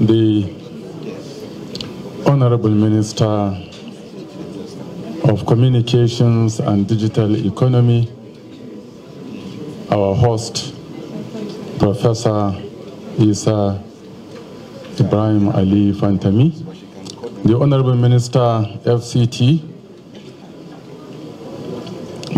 the Honorable Minister of Communications and Digital Economy, our host, Professor Isa Ibrahim Ali Fantami, the Honorable Minister FCT,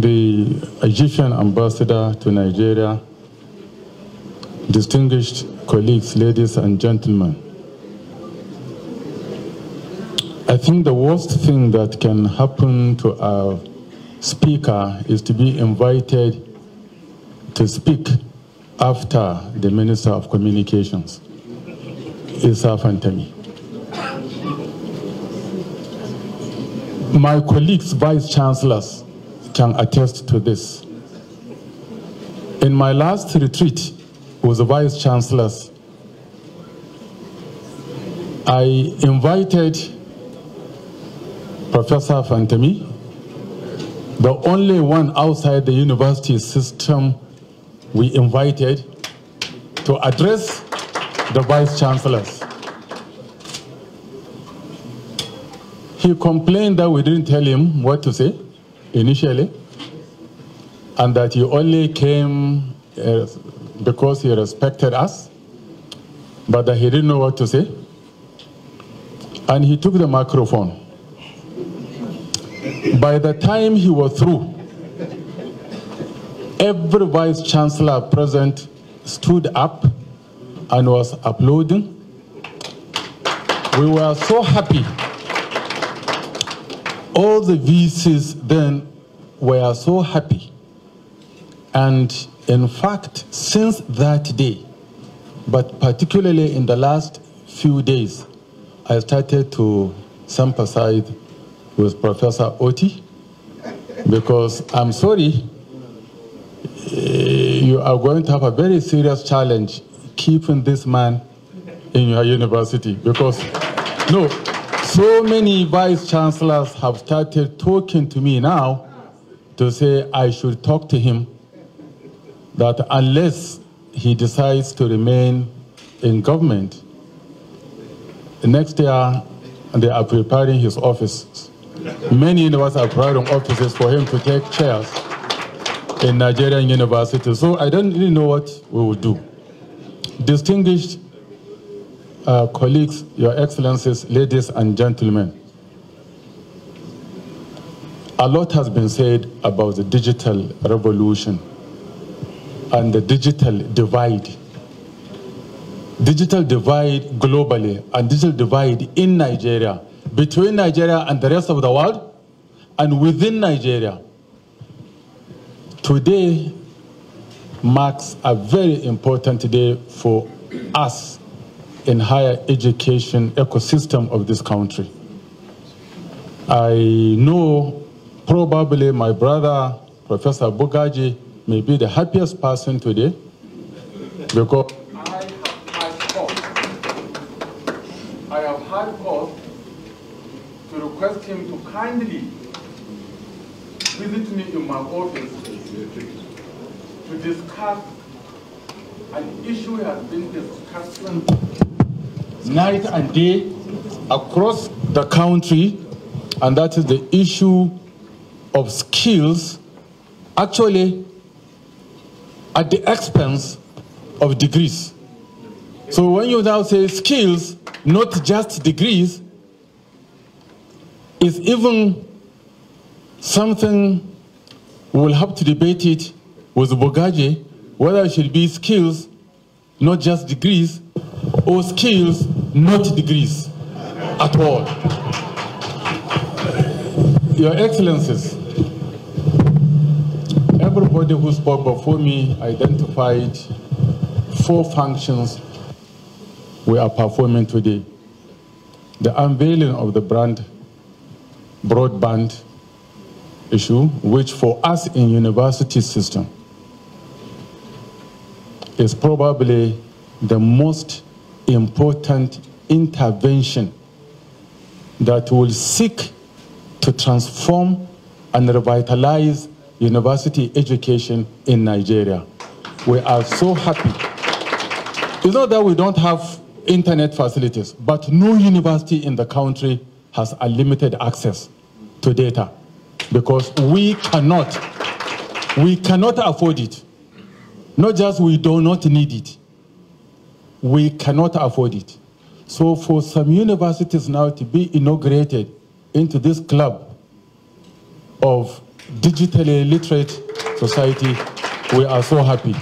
the Egyptian Ambassador to Nigeria, distinguished colleagues, ladies and gentlemen. I think the worst thing that can happen to a speaker is to be invited to speak after the Minister of Communications, Issa me. My colleagues, vice chancellors, can attest to this. In my last retreat with the vice chancellors, I invited Professor Fantemi, the only one outside the university system we invited to address the vice chancellors. He complained that we didn't tell him what to say initially and that he only came uh, because he respected us, but that he didn't know what to say. And he took the microphone by the time he was through, every vice chancellor present stood up and was applauding. We were so happy. All the VCs then were so happy. And in fact, since that day, but particularly in the last few days, I started to sympathize with Professor Oti because I'm sorry, eh, you are going to have a very serious challenge keeping this man in your university because, no, so many vice chancellors have started talking to me now to say I should talk to him that unless he decides to remain in government, next year they are preparing his office Many universities are providing offices for him to take chairs in Nigerian universities. So I don't really know what we will do. Distinguished uh, colleagues, your excellencies, ladies and gentlemen, a lot has been said about the digital revolution and the digital divide. Digital divide globally and digital divide in Nigeria between Nigeria and the rest of the world and within Nigeria. Today marks a very important day for us in higher education ecosystem of this country. I know probably my brother, Professor Bugaji, may be the happiest person today because request him to kindly visit me in my office to discuss an issue has been discussing night and day across the country, and that is the issue of skills actually at the expense of degrees. So when you now say skills, not just degrees, is even something we'll have to debate it with Bogaji, whether it should be skills, not just degrees, or skills, not degrees at all. Your Excellencies, everybody who spoke before me identified four functions we are performing today. The unveiling of the brand broadband issue, which for us in university system is probably the most important intervention that will seek to transform and revitalize university education in Nigeria. We are so happy. It's not that we don't have internet facilities, but no university in the country has unlimited access to data because we cannot, we cannot afford it. Not just we do not need it, we cannot afford it. So for some universities now to be inaugurated into this club of digitally literate society, we are so happy.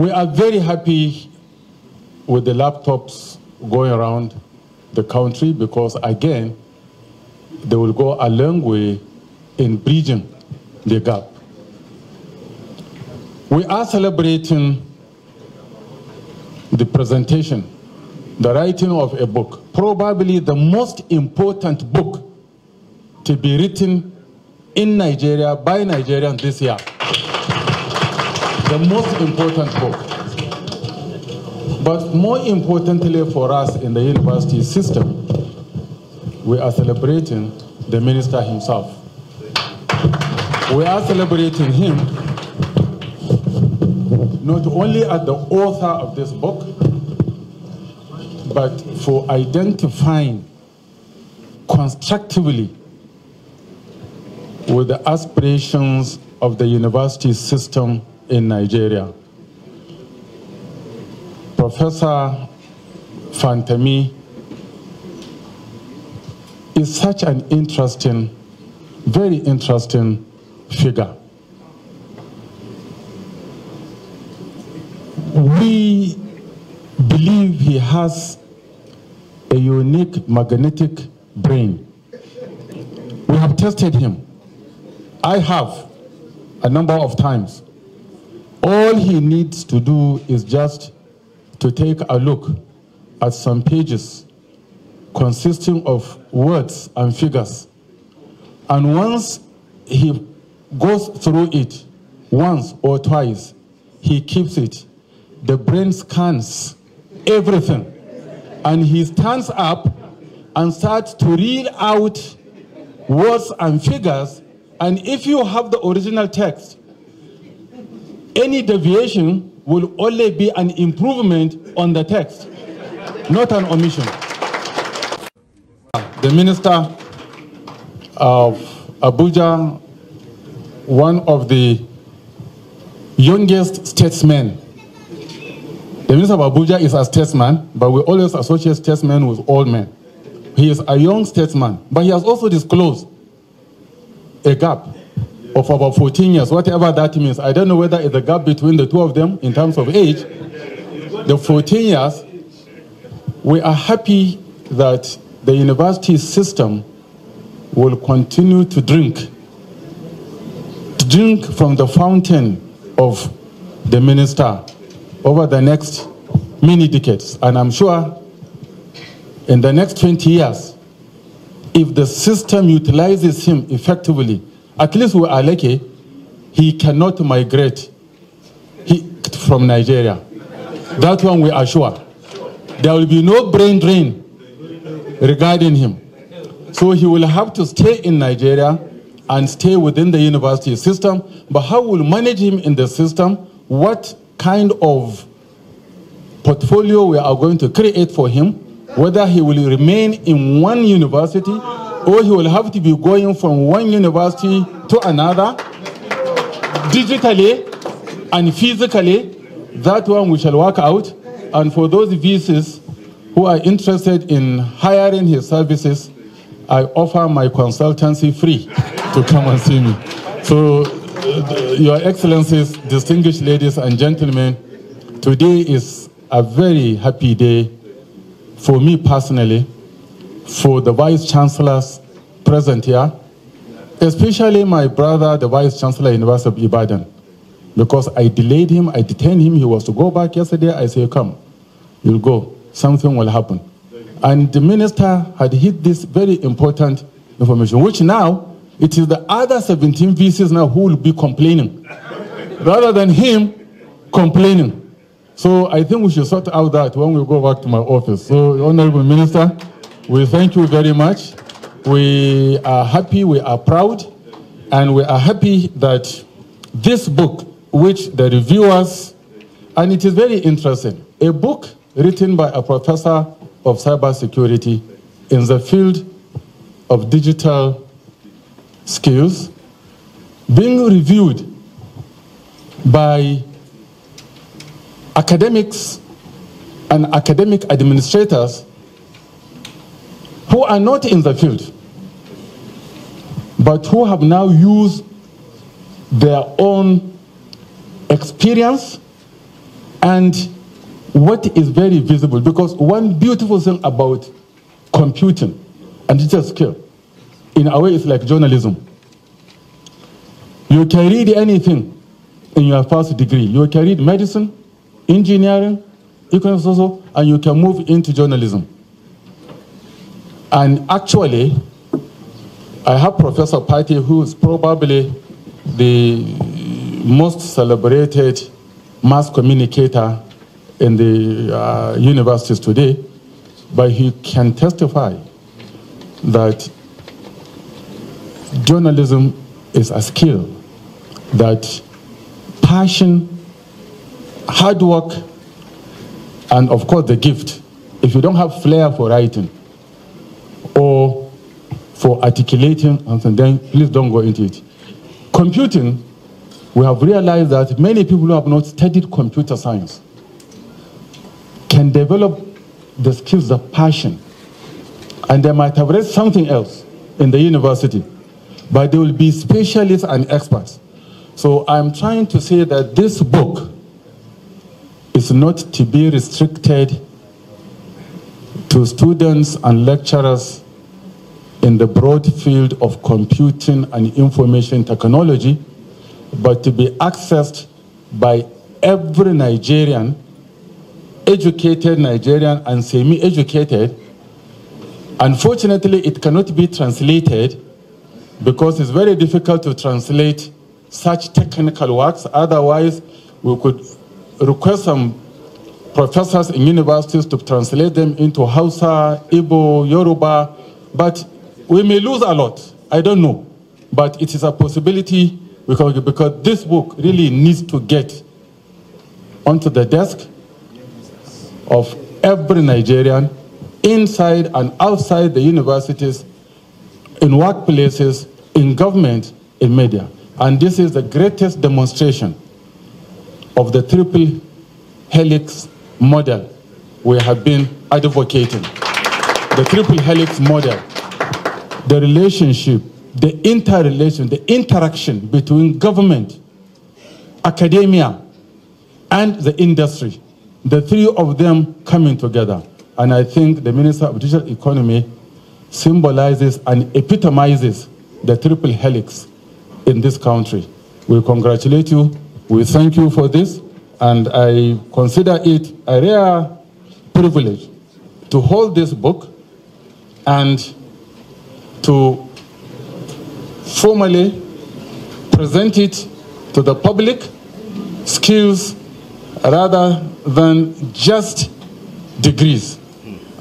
We are very happy with the laptops going around the country because, again, they will go a long way in bridging the gap. We are celebrating the presentation, the writing of a book, probably the most important book to be written in Nigeria by Nigerians this year. the most important book. But more importantly for us in the university system, we are celebrating the minister himself. We are celebrating him not only as the author of this book, but for identifying constructively with the aspirations of the university system in Nigeria. Professor Fantemi is such an interesting, very interesting figure. We believe he has a unique magnetic brain. We have tested him. I have a number of times. All he needs to do is just to take a look at some pages consisting of words and figures. And once he goes through it once or twice, he keeps it. The brain scans everything. And he stands up and starts to read out words and figures. And if you have the original text, any deviation will only be an improvement on the text, not an omission. The Minister of Abuja, one of the youngest statesmen. The Minister of Abuja is a statesman, but we always associate statesmen with old men. He is a young statesman, but he has also disclosed a gap of about 14 years, whatever that means. I don't know whether it's a gap between the two of them in terms of age. The 14 years, we are happy that the university system will continue to drink, to drink from the fountain of the minister over the next many decades. And I'm sure in the next 20 years, if the system utilizes him effectively, at least with Aleke, he cannot migrate he, from Nigeria. That one we are sure. There will be no brain drain regarding him. So he will have to stay in Nigeria and stay within the university system. But how we'll manage him in the system, what kind of portfolio we are going to create for him, whether he will remain in one university or he will have to be going from one university to another digitally and physically. That one we shall work out. And for those VCs who are interested in hiring his services, I offer my consultancy free to come and see me. So, uh, Your Excellencies, distinguished ladies and gentlemen, today is a very happy day for me personally for the vice chancellors present here, especially my brother, the vice chancellor, University of Ibadan, because I delayed him, I detained him. He was to go back yesterday. I said, "Come, you'll go. Something will happen." And the minister had hit this very important information, which now it is the other 17 VCs now who will be complaining, rather than him complaining. So I think we should sort out that when we go back to my office. So, Honorable Minister. We thank you very much. We are happy, we are proud, and we are happy that this book, which the reviewers, and it is very interesting, a book written by a professor of cybersecurity in the field of digital skills, being reviewed by academics and academic administrators who are not in the field, but who have now used their own experience and what is very visible. Because one beautiful thing about computing and digital skill, in a way, it's like journalism. You can read anything in your first degree. You can read medicine, engineering, economics also, and you can move into journalism. And actually, I have Professor Patti, who is probably the most celebrated mass communicator in the uh, universities today, but he can testify that journalism is a skill, that passion, hard work, and of course the gift. If you don't have flair for writing, articulating, and then please don't go into it. Computing, we have realized that many people who have not studied computer science can develop the skills of passion, and they might have read something else in the university, but they will be specialists and experts. So I'm trying to say that this book is not to be restricted to students and lecturers in the broad field of computing and information technology, but to be accessed by every Nigerian, educated Nigerian and semi-educated. Unfortunately, it cannot be translated because it's very difficult to translate such technical works. Otherwise, we could request some professors in universities to translate them into Hausa, Ibo, Yoruba, but we may lose a lot, I don't know, but it is a possibility because, because this book really needs to get onto the desk of every Nigerian inside and outside the universities, in workplaces, in government, in media. And this is the greatest demonstration of the triple helix model we have been advocating. The triple helix model the relationship, the interrelation, the interaction between government, academia, and the industry. The three of them coming together. And I think the Minister of Digital Economy symbolizes and epitomizes the triple helix in this country. We congratulate you. We thank you for this. And I consider it a rare privilege to hold this book and to formally present it to the public skills rather than just degrees.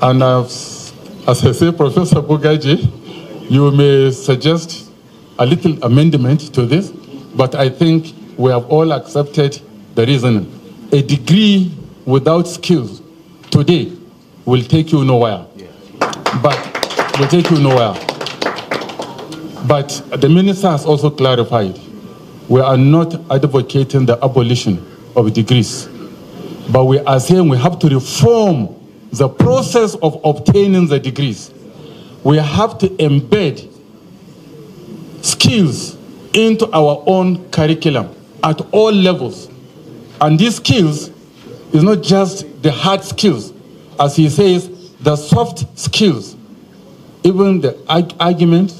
And as I say, Professor Bugaji, you may suggest a little amendment to this, but I think we have all accepted the reasoning. A degree without skills today will take you nowhere. But will take you nowhere. But the minister has also clarified we are not advocating the abolition of degrees, but we are saying we have to reform the process of obtaining the degrees. We have to embed skills into our own curriculum at all levels. And these skills is not just the hard skills, as he says, the soft skills, even the arguments,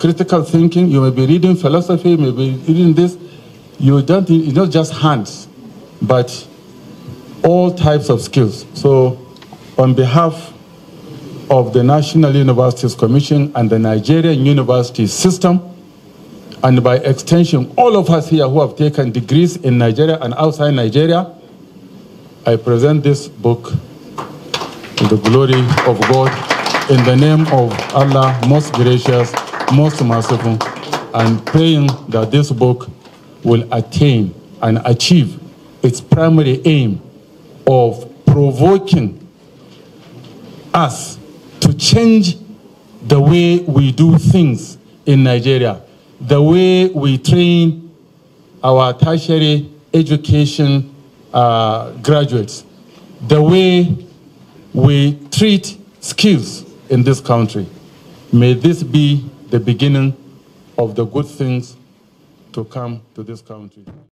critical thinking, you may be reading philosophy, you may be reading this. You don't, it's not just hands, but all types of skills. So on behalf of the National Universities Commission and the Nigerian University System, and by extension, all of us here who have taken degrees in Nigeria and outside Nigeria, I present this book to the glory of God in the name of Allah, most gracious most merciful, and praying that this book will attain and achieve its primary aim of provoking us to change the way we do things in Nigeria, the way we train our tertiary education uh, graduates, the way we treat skills in this country. May this be the beginning of the good things to come to this country.